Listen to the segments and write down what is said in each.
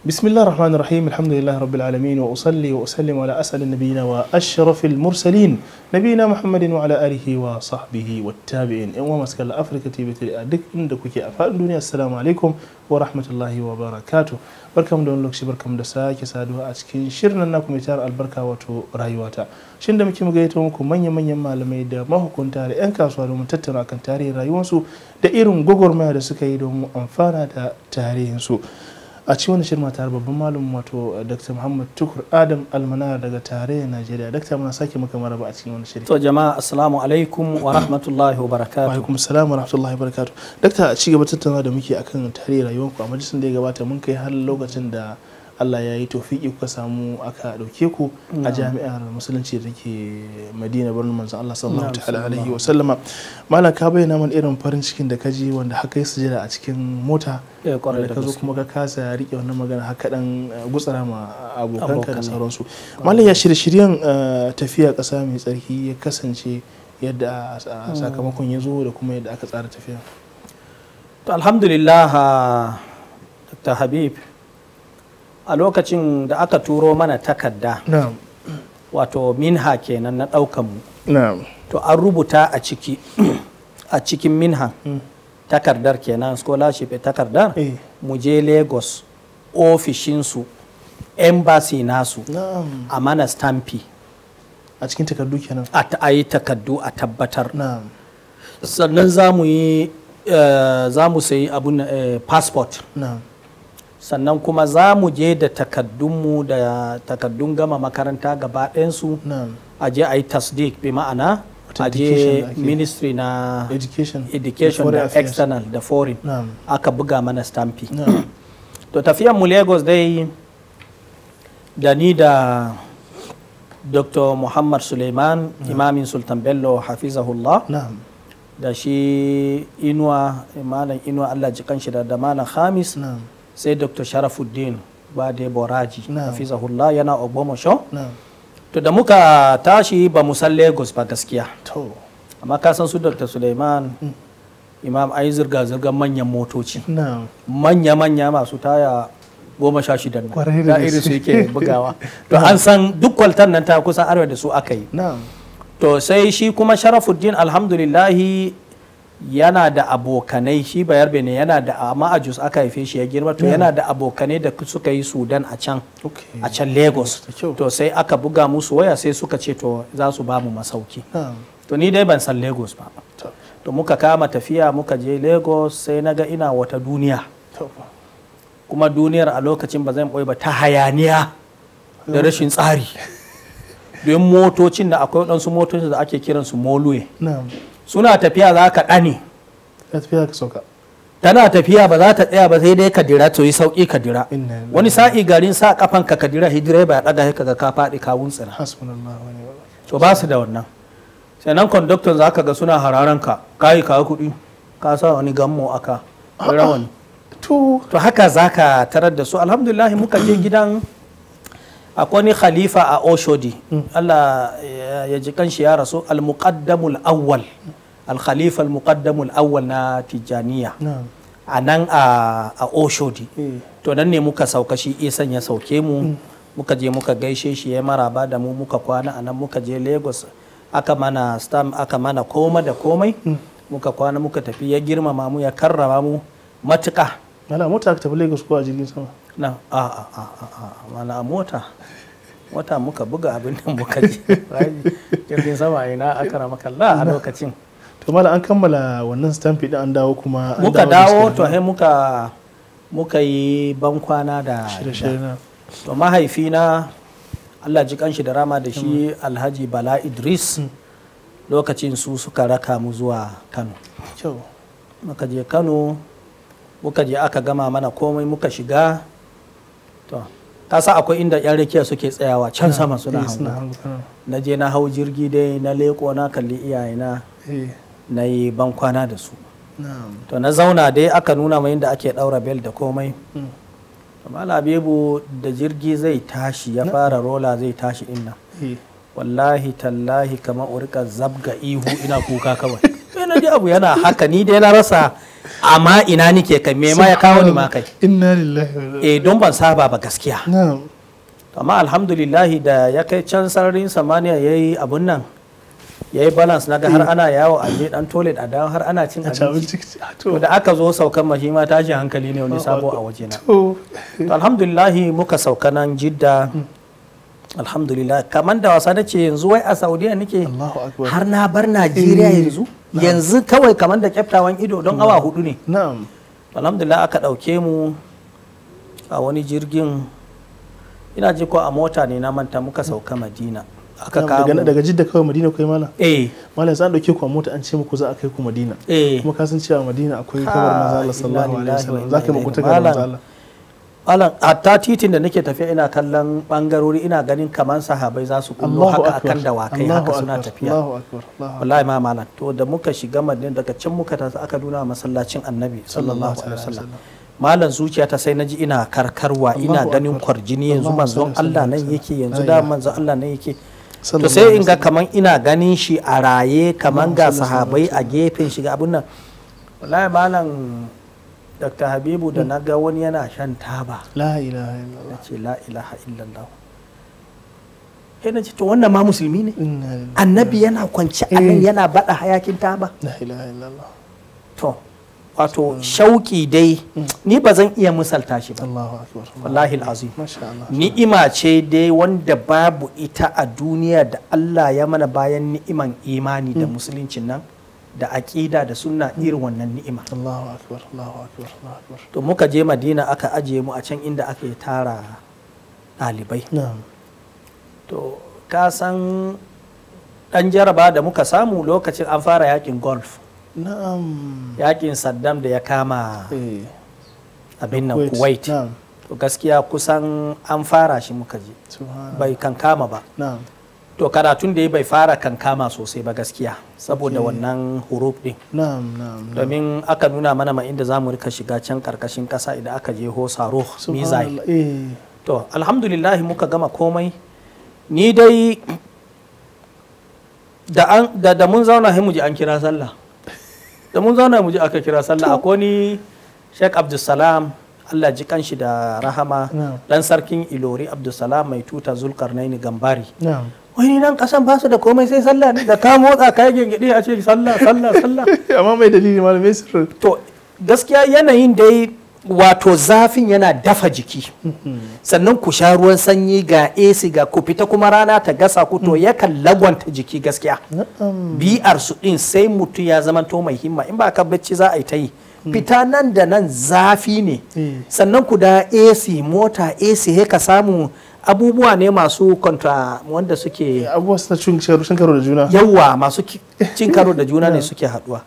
بسم الله الرحمن الرحيم الحمد لله رب العالمين وأصلي وأسلم على أسأل النبيين وأشرف المرسلين نبينا محمد وعلى آله وصحبه والتابعين إن ومسك أفريقيا تي بي دك إندك كي أفاد الدنيا السلام عليكم ورحمة الله وبركاته barkamu da wani lokaci barkamu da sake saduwa a cikin shirin na kuma albarka wato rayuwata shin da muke gaito muku manya-manyan malamai da mahukunta da 'yan kasuwa domin tattauna kan tarihin rayuwarsu da irin gwagwarmaya da suka yi domin amfana da tarihinsu a cikin wani shirma tare babban malam wato eh, dr muhammad tukur adam almanara daga tarayyar najeriya dr muna sake muka maraba a cikin wani shiri to jama'a assalamu alaikum wa rahmatullahi wa barakatuh wa alaikum assalam wa rahmatullahi wa barakatuh dr ci gaba tattauna da muke akan tarihi rayuwarku a majalisin da ya gabata mun kai har lokacin da Allah ya yi tofiki kuka samu aka ɗauke ku a jami'ar musulunci da ke Madina birnin manzon Allah sallallahu alaihi wa sallama malam ka bayyana mana irin farin cikin da kaji wanda haka yi sujada a cikin mota eh, da ka zo kuma ka kasa rike wannan magana haka dan eh, gutsara ma abokanka da sauransu malam ya shirye-shiryen eh, tafiya ƙasa mai tsarki ya kasance yadda hmm. sakamakon ya zo da kuma yadda aka tsara tafiya to alhamdulillah ah, dr habib a lokacin da aka turo mana takarda wato minha kenan na ɗaukanmu to an rubuta a ciki a cikin minha mm. takardar kenan scholarship takardar eh. mu je lagos ofishinsu embassy nasu a mana stampi a cikin takardu kenan a yi takardu a tabbatar sannan za mu yi eh, za mu sayi abun eh, passport sannan kuma za mu je da takaddunmu da takaddun gama makaranta gaba ɗayansu a je a yi tasdik bi ma'ana a je ministry na education, da external da foreign aka buga mana stampi to tafiyan mu lagos dai da ni da dr muhammad suleiman imamin sultan bello hafizahullah da shi inuwa imanin inuwa allah jikan shi da malam khamis sai dr sharafuddin ba da boraji hafizahullah yana ogbomoshon to da muka tashi ba mu san lagos ba gaskiya amma ka san su dr suleiman mm. imam ayi zirga-zirgar manyan motoci manya-manya masu taya goma sha shidan da irin su yake bugawa to an san duk kwaltan nan ta kusan arewa da su aka yi to sai shi kuma sharafuddin alhamdulillahi yana da abokanai shi bayar bene yana da amma a ma'ajus aka haife shi ya girma to yana da abokanai da suka yi sudan a can a can lagos to sai aka buga musu waya sai suka ce to za su ba mu masauki to ni dai ban san lagos ba to muka kama tafiya muka je lagos sai na ga ina wata duniya kuma duniyar a lokacin ba zan bai ba ta hayaniya da rashin tsari don motocin da akwai waɗansu motocin da ake kiransu moluwe suna tafiya za ka ɗane tana tafiya ba za ta tsaya ba sai dai ka dira to yi sauki ka wani sa'i garin sa kafan ka dira hijira ba ya daga kaga ka faɗi ka wuntsina to ba su da wannan Sai nan conductor za ka ga suna hararan ka kayi ka kuɗi ka sa wani gammo aka ah, ah. rawani to haka za ka tarar da su alhamdulillah muka je gidan akwai ni khalifa a oshodi mm. allah ya ji kanshi ya rasu al-muqaddamul awwal al-khalifa al-muqaddamu al-awwal na tijaniya. a nan a oshodi eh. to nan ne muka sauka shi isan ya sauke mu hmm. muka je muka gaishe shi ya maraba da mu muka kwana a nan muka je lagos aka mana stam aka mana koma da komai hmm. muka kwana muka tafi ya girmama mu ya karrama mu matuka. ana mota ka tafi lagos ko a jirgin sama na a a a a mana mota wata muka buga abin da muka ji jirgin sama ina aka ramakalla a lokacin to mala an kammala wannan stamp din an dawo kuma muka dawo to sai muka muka yi bankwana da shirye to mahaifina Allah ji kanshi da rama da shi Alhaji Bala Idris mm. lokacin su suka raka mu zuwa Kano muka je Kano muka je aka gama mana komai muka shiga to ta sa akwai inda yan rakiya suke tsayawa can sama suna eh, hango na je na hau jirgi dai na leko na kalli iyayena eh. na yi bankwana da su to na zauna dai aka nuna mai inda ake daura bel da komai hmm. mala bebu da jirgi zai tashi ya fara rola zai tashi inna eh. wallahi tallahi kamar urika zabga ihu ina kuka kawai yana ji abu yana haka ni dai na rasa amma ina nike kai me ma ya kawo ni ma kai inna lillahi eh don ban saba ba gaskiya amma alhamdulillah da ya kai can sararin samaniya yayi abun nan ya yi balance na ga har eh. ana yawo a je dan toilet a dawo har ana cin abinci ah, da aka zo saukan mashi ma tashi hankali ne wani ah, sabo ah, a waje na to alhamdulillah muka sauka nan jidda hmm. alhamdulillah kamar da wasa na ce yanzu wai a saudiya nake har na bar najeriya eh, yanzu yanzu kawai kamar da kyaftawan ido don awa hmm. hudu ne alhamdulillah aka dauke mu a wani jirgin ina ji ko a mota ne na manta muka sauka madina aka kawo daga jidda kawai madina kai mana eh malam sai an dauke ku a mota an ce muku za a kai ku madina eh kuma ka san cewa madina akwai kabar manzo Allah sallallahu alaihi wasallam zaka muku ta ga manzo Allah malam hatta titin da nake tafiya ina kallon bangarori ina ganin kaman sahabbai za su kullu haka akan dawakai haka suna tafiya wallahi ma malam to da muka shiga madina daga can muka tafi aka duna masallacin annabi sallallahu alaihi wasallam malam zuciya ta sai naji ina karkarwa ina ganin kwarjini yanzu manzon Allah nan yake yanzu da manzon Allah nan yake to sai in ga kaman ina ganin shi a raye kaman ga sahabai a gefen shi ga abun nan wallahi malam dr habibu da na ga wani yana shan taba la ilaha illallah ce la ilaha illallah sai na to wannan ma musulmi ne annabi yana kwanci a nan eh. yana bada hayakin taba la ilaha illallah to wato shauki dai ni ba zan iya misalta shi ba wallahi azim ni'ima ce dai wanda babu ita a duniya da Allah ya mana bayan ni'iman imani da mm. musuluncin nan da aƙida da sunna mm. irin wannan ni'ima to muka je madina aka ajiye mu a can inda ake yi tara ɗalibai to ka san ɗan jaraba da muka samu lokacin an fara yakin golf yakin saddam da ya kama eh. abin nan kuwait to gaskiya kusan an fara shi muka je bai kankama ba to karatun da ya bai fara kankama sosai ba gaskiya saboda wannan huruf din domin aka nuna mana ma inda zamu rika shiga can karkashin kasa idan aka je hosaro mizai eh. to alhamdulillah muka gama komai ni dai da mun zauna mu ji an kira sallah da mun zauna mu ji aka kira sallah akwai ni Sheikh Abdulsalam Allah ji kanshi da rahama dan sarkin Ilori Abdulsalam mai tuta Zulkarnaini Gambari wani nan kasan ba su da komai sai sallah ne da ka motsa ka yi gengede a ce sallah sallah sallah amma mai dalili malamai sirri to gaskiya yanayin dai wato zafin yana dafa jiki sannan ku sha ruwan sanyi ga AC ga ku fita kuma rana ta gasa ku to yakan lagwanta jiki gaskiya biyar su din sai mutum ya zama to mai himma in ba ka bacci za a yi ta yi mm. fita nan da nan zafi ne eh. sannan ku da AC mota AC ka samu abubuwa ne masu kontra wanda suke eh, abubuwa suna cin karo da juna yawa masu cin karo da juna ne suke haduwa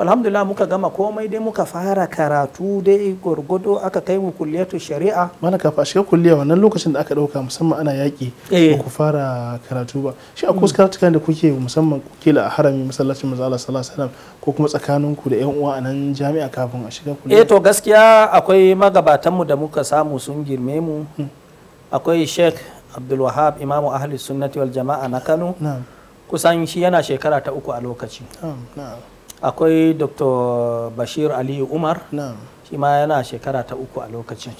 alhamdulillah muka gama komai dai muka fara karatu dai gwargwado aka kai mu kulliyatu shari'a mana kafa shiga kulliya wannan lokacin da aka dauka musamman ana yaki eh. ba ku fara karatu ba shi akwai wasu karatu da kuke musamman kila a harami masallacin manzo Allah sallallahu alaihi wasallam ko kuma tsakanin ku da yan uwa a nan jami'a kafin a shiga kulliya eh to gaskiya akwai magabatan mu da muka samu sun girme mu hmm. akwai Sheikh Abdul Wahab Imamu Ahli Sunnati wal Jama'a na Kano kusan shi yana shekara ta uku a lokaci akwai dr bashir aliyu umar shi ma yana shekara ta uku a lokacin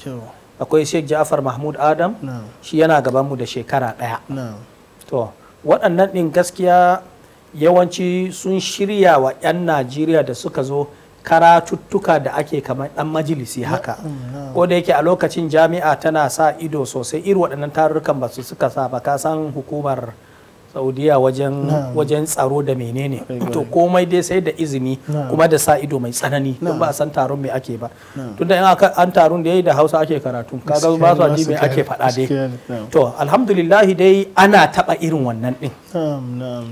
akwai sheikh ja'far mahmud adam shi yana gabanmu da shekara ɗaya to waɗannan ɗin gaskiya yawanci sun shirya wa 'yan najeriya da suka zo karatuttuka da ake kamar ɗan majalisi haka ko da yake a lokacin jami'a tana sa ido sosai irin waɗannan tarurrukan ba su suka sa ba ka san hukumar saudiya wajen tsaro da menene to komai dai sai da izini kuma da sa ido mai tsanani don ba a san taron mai ake ba tunda in an taron da ya yi da hausa ake karatu kaga ba su ji mai ake faɗa dai to alhamdulillahi dai ana taɓa irin wannan din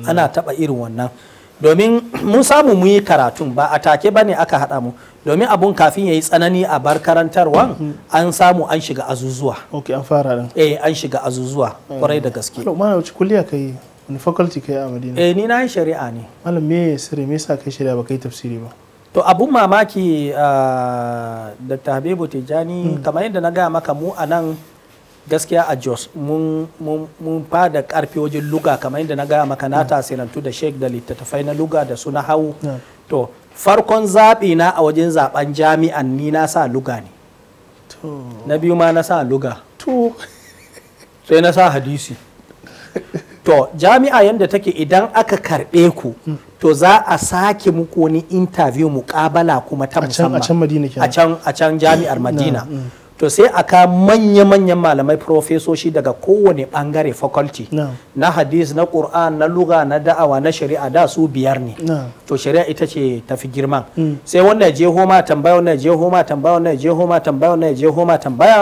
ana taɓa irin wannan domin mun samu mu yi karatun ba a take ba ne aka haɗa mu domin abun kafin ya yi tsanani a bar karantarwa an samu an shiga azuzuwa ok an fara nan eh an shiga azuzuwa kwarai da gaske na wuce kulliya yi wani faculty yi a madina eh ni na yi shari'a ne malam me sire me yasa kai shari'a ba kai tafsiri ba to abun mamaki ah, da habibu tijani hmm. kamar yadda na gaya maka mu a nan gaskiya a jos mun fada karfi wajen luga kamar inda na gaya maka na hmm. tasirantu da sheik da littattafai na luga da su na hau hmm. to farkon zaɓi na a wajen zaɓen jami'an ni na sa luga ne na biyu ma na sa luga sai na sa hadisi to jami'a yadda take idan aka karɓe ku hmm. to za a sake muku wani interview muƙabala kuma ta musamman a can jami'ar madina to sai aka manya-manyan malamai profesoshi daga kowane bangare faculty no. na hadis na qur'an na luga na da'awa na shari'a da su biyar ne no. to shari'a ita ce tafi girman mm. sai wannan je homa tambaya wannan je homa tambaya wannan je homa tambaya wannan je homa tambaya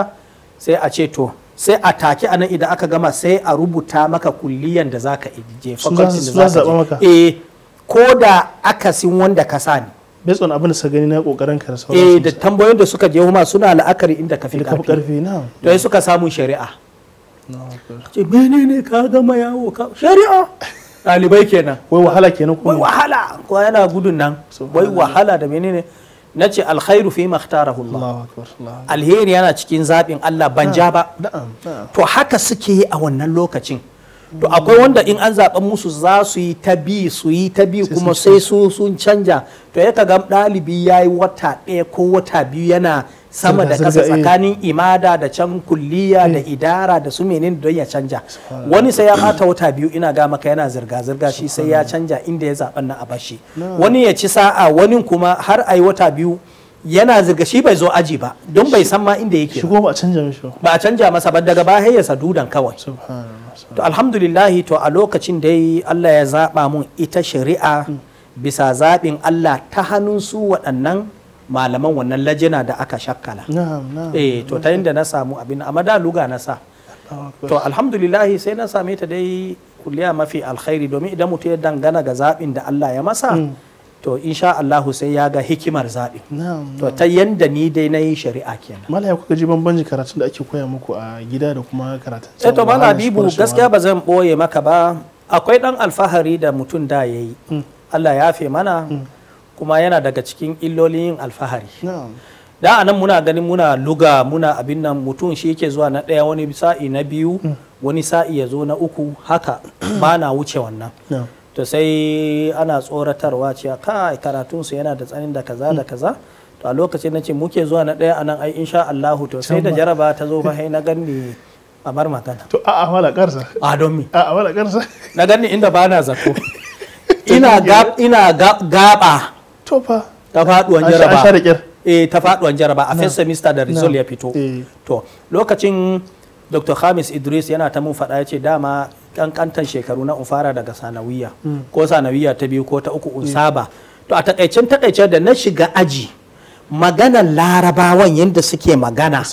sai a ce to sai a take anan idan aka gama sai a rubuta maka kulliyan da zaka je faculty da zaka eh ko da akasin wanda ka sani bai on abin da suka gani na kokarin ka sauran eh da tambayoyin da suka je kuma suna la'akari inda ka fi karfi na to suka samu shari'a ce menene ka gama yawo ka shari'a dalibai kenan wai wahala kenan kuma wai wahala ko yana gudun nan wai wahala da menene na ce alkhairu fi makhtarahu Allah alheri yana cikin zaɓin Allah ban ja ba to haka suke yi a wannan lokacin to akwai wanda in an zaɓa musu za su yi ta bi su yi ta bi kuma sai su sun canja to ya ga ɗalibi ya yi wata ɗaya ko wata biyu yana sama da ƙasa tsakanin imada da can kulliya da eh. idara da su menen don ya canja wani sai ya bata wata biyu ina ga maka yana zirga-zirga shi sai ya canja inda ya zaɓen na a bashi wani ya ci sa'a wani kuma har a yi wata biyu yana zirga shi bai zo aji ba don bai san ma inda yake shigo ba canja mishi ba a canja masa ba daga baya ya sadudan kawai to alhamdulillah to a lokacin dai Allah ya zaba mun ita shari'a mm. bisa zabin Allah ta hannun su waɗannan malaman wannan lajina da aka shakkala eh to ta inda na samu abin amma da luga na sa to alhamdulillahi sai na same ta dai kulliya mafi alkhairi domin idan mutum ya dangana ga zaɓin da Allah ya masa mm. to insha Allah sai ya ga hikimar zabi to ta yanda ni dai na yi shari'a kenan mala ya kuka ji bambanci karatun da ake koya muku a gida da kuma karatun Eh to mala bibu gaskiya ba zan ɓoye maka ba akwai ɗan alfahari da mutum da ya yi mm. Allah ya fe mana mm. kuma yana daga cikin illolin yin alfahari da a nan muna ganin muna luga muna abin nan mutum shi yake zuwa na ɗaya wani sa'i na biyu mm. wani sa'i ya zo na uku haka ba na wuce wannan to sai ana tsoratarwa cewa kai karatunsu yana da tsanin da kaza da mm. kaza to a lokacin na ce muke zuwa na ɗaya anan ai insha Allah to sai da jaraba ta zo fa na ganni a bar magana to a'a wala karsa a don mi a'a wala karsa na ganni inda ba na zato ina ina gaba to fa ta faduwan jaraba eh ta faduwan jaraba a fesa semester da result ya fito eh. to lokacin Dr. Khamis Idris yana ta mun faɗa ya ce dama kankantan shekaru na fara daga sanawiya hmm. ko sanawiya ta biyu ko ta uku hmm. usaba to a takaicen takaice da na shiga aji maganan larabawan yadda suke magana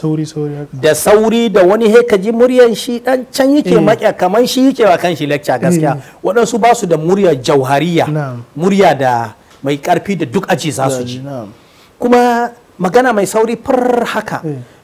da sauri da wani hekaji muryan shi dan can yake hmm. maƙya kamar shi yake wa kan shi lecture gaskiya waɗansu ba su da murya jauhariya murya da mai ƙarfi da duk aji za su ji kuma magana mai sauri fur haka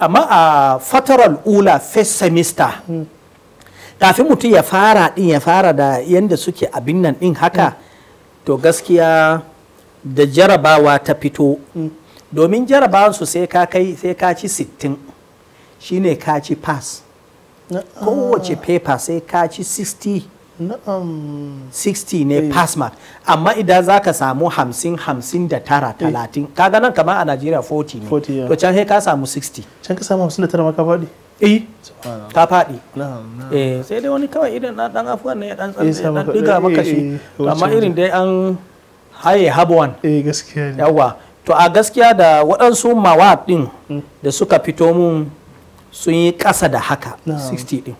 amma a fataral ula first semester kafin mutum ya fara din ya fara da yadda suke abin nan din haka to gaskiya da jarabawa ta fito domin jarabawansu sai ka kai sai ka ci 60 shine ka ci pass kowace ah. paper sai ka ci 60 60 ne eh. pass mark amma idan za ka samu 50 59 30 kaga nan kamar a Najeriya 40 ne to can sai ka samu 60 can ka samu 59 ma ka faɗi eh ta faɗi eh sai dai wani kawai irin na dan afuwan ne ya dan diga eh, maka eh, shi amma irin dai an haye habuwan eh gaskiya ne yawa to a gaskiya da waɗansu mawad din hmm. da suka fito mun sun yi ƙasa da haka 60 din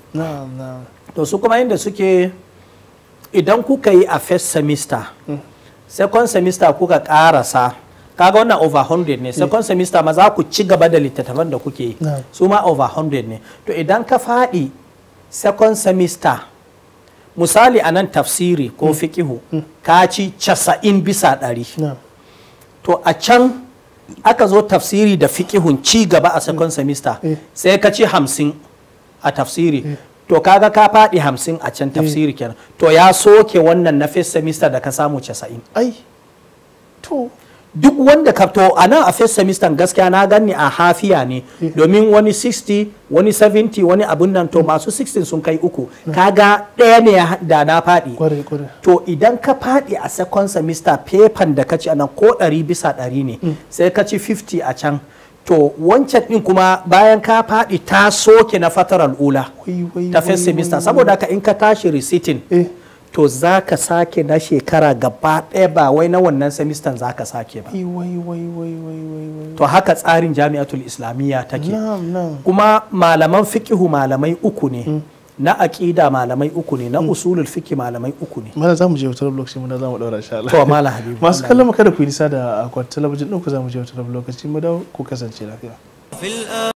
to su kuma inda suke idan kuka yi a first semester second semester kuka karasa kaga wannan over 100 ne second semester ma za ku ci gaba da littattafan da kuke yi su ma over 100 ne to idan ka faɗi second semester misali a nan tafsiri ko mm. fikihu mm. ka ci 90 bisa 100 to a can aka zo tafsiri da fikihun ci gaba a second mm. semester sai ka ci hamsin a tafsiri to kaga ka faɗi hamsin a can eh. tafsiri kenan to ya soke wannan na first semester da ka samu casa'in ai to duk wanda ka to a nan a first semester gaskiya na gani a hafiya ne eh. domin wani 60 wani 70 wani abun nan to masu 60 sun kai uku kaga ɗaya ne da na faɗi to idan ka faɗi a second semester paper da ka ci a nan ko 100 bisa 100 ne mm. sai ka ci 50 a can to wancan din kuma bayan ka faɗi ta soke na fataral ula ta fin semester saboda haka in ka tashi receipting eh. to za ka sake na shekara gaba ɗaya ba wai na wannan semester za ka sake ba to haka tsarin jami'atul islamiyya take kuma malaman fikihu malamai uku ne hmm. na aƙida malamai uku ne na hmm. usulul fiki malamai uku ne mana za mu je wutar lokaci muna za mu daura insha Allah to mala habibi masu kallon kada ku yi nisa da akwatin talabijin ɗin ku za mu je wutar lokaci mu dawo ku kasance lafiya